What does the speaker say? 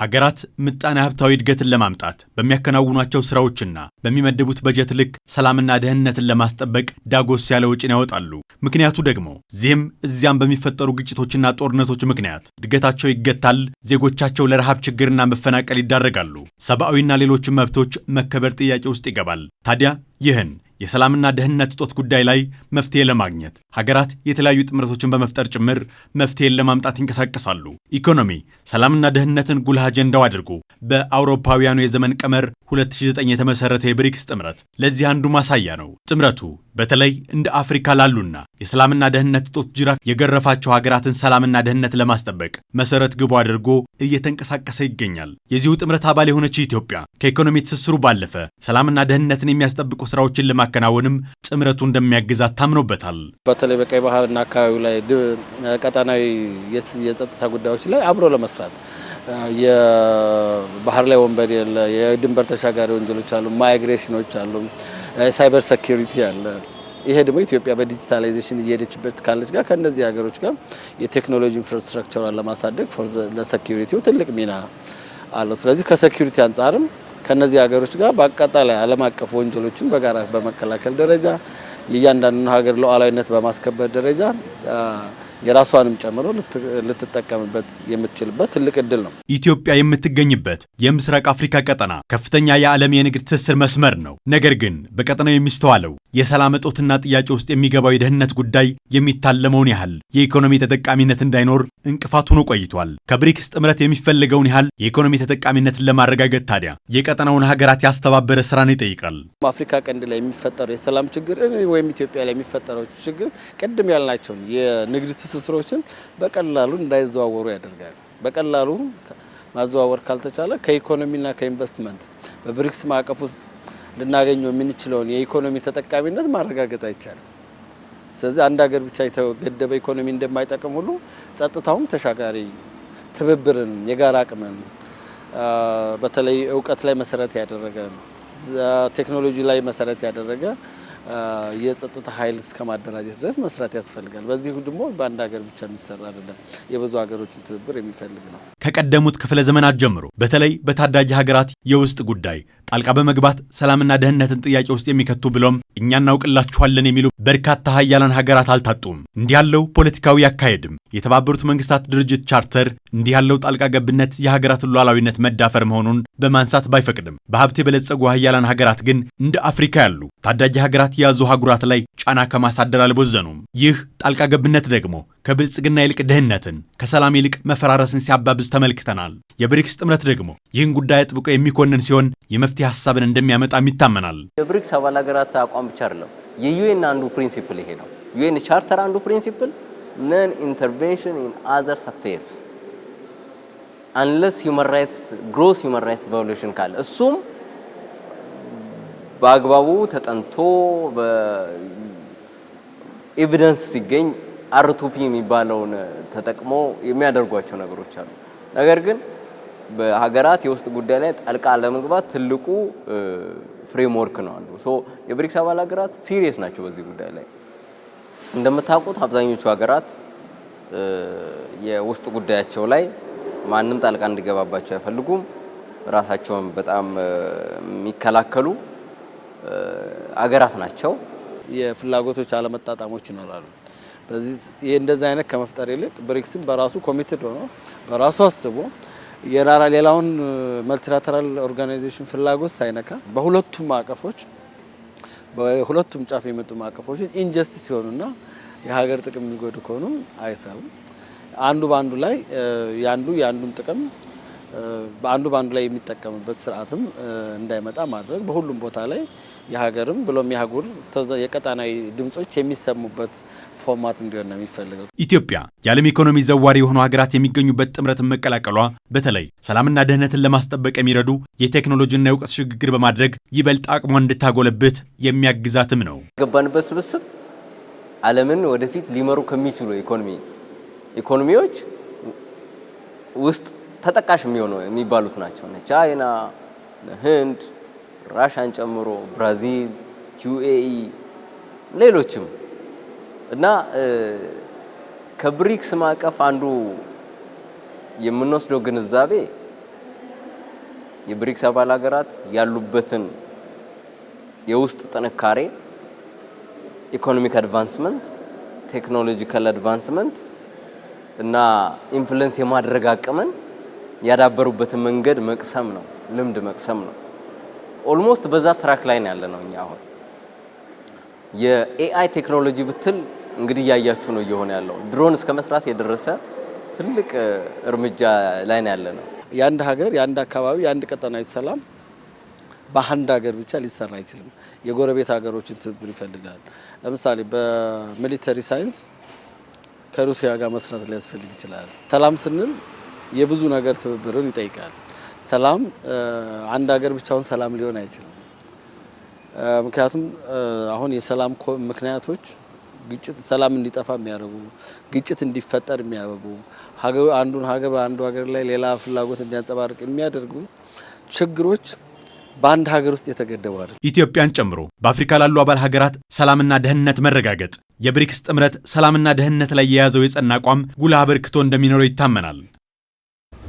ሀገራት ምጣኔ ሀብታዊ እድገትን ለማምጣት በሚያከናውኗቸው ስራዎችና በሚመድቡት በጀት ልክ ሰላምና ደህንነትን ለማስጠበቅ ዳጎስ ያለ ወጪን ያወጣሉ። ምክንያቱ ደግሞ እዚህም እዚያም በሚፈጠሩ ግጭቶችና ጦርነቶች ምክንያት እድገታቸው ይገታል፣ ዜጎቻቸው ለረሃብ ችግርና መፈናቀል ይዳረጋሉ፣ ሰብአዊና ሌሎችን መብቶች መከበር ጥያቄ ውስጥ ይገባል። ታዲያ ይህን የሰላምና ደህንነት እጦት ጉዳይ ላይ መፍትሄ ለማግኘት ሀገራት የተለያዩ ጥምረቶችን በመፍጠር ጭምር መፍትሄን ለማምጣት ይንቀሳቀሳሉ። ኢኮኖሚ ሰላምና ደህንነትን ጉልህ አጀንዳው አድርጎ በአውሮፓውያኑ የዘመን ቀመር 2009 የተመሰረተ የብሪክስ ጥምረት ለዚህ አንዱ ማሳያ ነው። ጥምረቱ በተለይ እንደ አፍሪካ ላሉና የሰላምና ደህንነት እጦት ጅራፍ የገረፋቸው ሀገራትን ሰላምና ደህንነት ለማስጠበቅ መሰረት ግቡ አድርጎ እየተንቀሳቀሰ ይገኛል። የዚሁ ጥምረት አባል የሆነች ኢትዮጵያ ከኢኮኖሚ ትስስሩ ባለፈ ሰላምና ደህንነትን የሚያስጠብቁ ስራዎችን ለማከናወንም ጥምረቱ እንደሚያግዛት ታምኖበታል። በተለይ በቀይ ባህርና አካባቢው ላይ ቀጠናዊ የጸጥታ ጉዳዮች ላይ አብሮ ለመስራት የባህር ላይ ወንበር የለ፣ የድንበር ተሻጋሪ ወንጀሎች አሉ፣ ማይግሬሽኖች አሉ፣ ሳይበር ሰኪሪቲ አለ። ይሄ ደግሞ ኢትዮጵያ በዲጂታላይዜሽን እየሄደችበት ካለች ጋር ከእነዚህ ሀገሮች ጋር የቴክኖሎጂ ኢንፍራስትራክቸሯን ለማሳደግ ለሰኪሪቲው ትልቅ ሚና አለው። ስለዚህ ከሰኪሪቲ አንጻርም ከእነዚህ ሀገሮች ጋር በአጠቃላይ ዓለም አቀፍ ወንጀሎችን በጋራ በመከላከል ደረጃ የእያንዳንዱን ሀገር ሉዓላዊነት በማስከበር ደረጃ የራሷንም ጨምሮ ልትጠቀምበት የምትችልበት ትልቅ እድል ነው። ኢትዮጵያ የምትገኝበት የምስራቅ አፍሪካ ቀጠና ከፍተኛ የዓለም የንግድ ትስስር መስመር ነው። ነገር ግን በቀጠናው የሚስተዋለው የሰላም እጦትና ጥያቄ ውስጥ የሚገባው የደህንነት ጉዳይ የሚታለመውን ያህል የኢኮኖሚ ተጠቃሚነት እንዳይኖር እንቅፋት ሆኖ ቆይቷል። ከብሪክስ ጥምረት የሚፈልገውን ያህል የኢኮኖሚ ተጠቃሚነትን ለማረጋገጥ ታዲያ የቀጠናውን ሀገራት ያስተባበረ ስራን ይጠይቃል። አፍሪካ ቀንድ ላይ የሚፈጠረው የሰላም ችግር ወይም ኢትዮጵያ ላይ የሚፈጠረው ችግር ቅድም ያልናቸውን የንግድ ትስስሮችን በቀላሉ እንዳይዘዋወሩ ያደርጋል። በቀላሉ ማዘዋወር ካልተቻለ ከኢኮኖሚና ከኢንቨስትመንት በብሪክስ ማዕቀፍ ውስጥ ልናገኘው የምንችለውን የኢኮኖሚ ተጠቃሚነት ማረጋገጥ አይቻልም። ስለዚህ አንድ ሀገር ብቻ የተገደበ ኢኮኖሚ እንደማይጠቅም ሁሉ ጸጥታውም ተሻጋሪ ትብብርን፣ የጋራ አቅምን በተለይ እውቀት ላይ መሰረት ያደረገ ቴክኖሎጂ ላይ መሰረት ያደረገ የጸጥታ ኃይል እስከ ማደራጀት ድረስ መስራት ያስፈልጋል። በዚህ ደግሞ በአንድ ሀገር ብቻ የሚሰራ አይደለም፣ የብዙ ሀገሮችን ትብብር የሚፈልግ ነው። ከቀደሙት ክፍለ ዘመናት ጀምሮ በተለይ በታዳጊ ሀገራት የውስጥ ጉዳይ ጣልቃ በመግባት ሰላምና ደህንነትን ጥያቄ ውስጥ የሚከቱ ብሎም እኛ እናውቅላችኋለን የሚሉ በርካታ ሀያላን ሀገራት አልታጡም። እንዲህ ያለው ፖለቲካዊ አካሄድም የተባበሩት መንግስታት ድርጅት ቻርተር እንዲህ ያለው ጣልቃ ገብነት የሀገራትን ሉዓላዊነት መዳፈር መሆኑን በማንሳት ባይፈቅድም በሀብት የበለጸጉ ሀያላን ሀገራት ግን እንደ አፍሪካ ያሉ ታዳጊ ሀገራት የያዙ አህጉራት ላይ ጫና ከማሳደር አልቦዘኑም። ይህ ጣልቃ ገብነት ደግሞ ከብልጽግና ይልቅ ድህነትን፣ ከሰላም ይልቅ መፈራረስን ሲያባብዝ ተመልክተናል። የብሪክስ ጥምረት ደግሞ ይህን ጉዳይ አጥብቆ የሚኮንን ሲሆን የመፍትሄ ሀሳብን እንደሚያመጣም ይታመናል። የብሪክስ አባል ሀገራት አቋም ብቻ አይደለም፣ የዩኤን አንዱ ፕሪንሲፕል ይሄ ነው። ዩኤን ቻርተር አንዱ ፕሪንሲፕል ነን ኢንተርቬንሽን ኢን አዘርስ አፌርስ አንለስ ሂውማን ራይትስ ግሮስ ሂውማን ራይትስ ቫዮሌሽን ካለ እሱም በአግባቡ ተጠንቶ በኤቪደንስ ሲገኝ አርቱፒ የሚባለውን ተጠቅሞ የሚያደርጓቸው ነገሮች አሉ። ነገር ግን በሀገራት የውስጥ ጉዳይ ላይ ጣልቃ ለመግባት ትልቁ ፍሬምወርክ ነው አንዱ። ሶ የብሪክስ አባል ሀገራት ሲሪየስ ናቸው በዚህ ጉዳይ ላይ። እንደምታውቁት አብዛኞቹ ሀገራት የውስጥ ጉዳያቸው ላይ ማንም ጣልቃ እንዲገባባቸው አይፈልጉም። ራሳቸውን በጣም የሚከላከሉ አገራት ናቸው። የፍላጎቶች አለመጣጣሞች ይኖራሉ። ስለዚህ እንደዚህ አይነት ከመፍጠር ይልቅ ብሪክስም በራሱ ኮሚትድ ሆኖ በራሱ አስቦ የራራ ሌላውን መልቲላተራል ኦርጋናይዜሽን ፍላጎት ሳይነካ በሁለቱም ማዕቀፎች በሁለቱም ጫፍ የመጡ ማዕቀፎችን ኢንጀስቲስ ሲሆኑና የሀገር ጥቅም የሚጎዱ ከሆኑ አይሰሩም። አንዱ በአንዱ ላይ ያንዱ የአንዱን ጥቅም በአንዱ በአንዱ ላይ የሚጠቀምበት ስርዓትም እንዳይመጣ ማድረግ በሁሉም ቦታ ላይ የሀገርም ብሎም የአህጉር የቀጣናዊ ድምጾች የሚሰሙበት ፎርማት እንዲሆን ነው የሚፈልገው። ኢትዮጵያ የዓለም ኢኮኖሚ ዘዋሪ የሆኑ ሀገራት የሚገኙበት ጥምረትን መቀላቀሏ በተለይ ሰላምና ደህንነትን ለማስጠበቅ የሚረዱ የቴክኖሎጂና የእውቀት ሽግግር በማድረግ ይበልጥ አቅሟን እንድታጎለብት የሚያግዛትም ነው። የገባንበት ስብስብ ዓለምን ወደፊት ሊመሩ ከሚችሉ ኢኮኖሚ ኢኮኖሚዎች ውስጥ ተጠቃሽ የሚሆኑ የሚባሉት ናቸው። ቻይና፣ ህንድ፣ ራሻን ጨምሮ ብራዚል፣ ዩኤኢ ሌሎችም እና ከብሪክስ ማዕቀፍ አንዱ የምንወስደው ግንዛቤ የብሪክስ አባል ሀገራት ያሉበትን የውስጥ ጥንካሬ፣ ኢኮኖሚክ አድቫንስመንት፣ ቴክኖሎጂካል አድቫንስመንት እና ኢንፍሉዌንስ የማድረግ አቅምን ያዳበሩበትን መንገድ መቅሰም ነው፣ ልምድ መቅሰም ነው። ኦልሞስት በዛ ትራክ ላይ ነው ያለ ነው። እኛ አሁን የኤአይ ቴክኖሎጂ ብትል እንግዲህ እያያችሁ ነው እየሆነ ያለው ድሮን እስከ መስራት የደረሰ ትልቅ እርምጃ ላይ ነው ያለ ነው። የአንድ ሀገር የአንድ አካባቢ የአንድ ቀጠናዊ ሰላም በአንድ ሀገር ብቻ ሊሰራ አይችልም። የጎረቤት ሀገሮችን ትብብር ይፈልጋል። ለምሳሌ በሚሊተሪ ሳይንስ ከሩሲያ ጋር መስራት ሊያስፈልግ ይችላል። ሰላም ስንል የብዙ ነገር ትብብርን ይጠይቃል። ሰላም አንድ ሀገር ብቻውን ሰላም ሊሆን አይችልም። ምክንያቱም አሁን የሰላም ምክንያቶች ግጭት ሰላም እንዲጠፋ የሚያደርጉ ግጭት እንዲፈጠር የሚያደርጉ አንዱን ሀገር በአንዱ ሀገር ላይ ሌላ ፍላጎት እንዲያንጸባርቅ የሚያደርጉ ችግሮች በአንድ ሀገር ውስጥ የተገደቡ አይደል። ኢትዮጵያን ጨምሮ በአፍሪካ ላሉ አባል ሀገራት ሰላምና ደህንነት መረጋገጥ የብሪክስ ጥምረት ሰላምና ደህንነት ላይ የያዘው የጸና አቋም ጉልህ አበርክቶ እንደሚኖረው ይታመናል።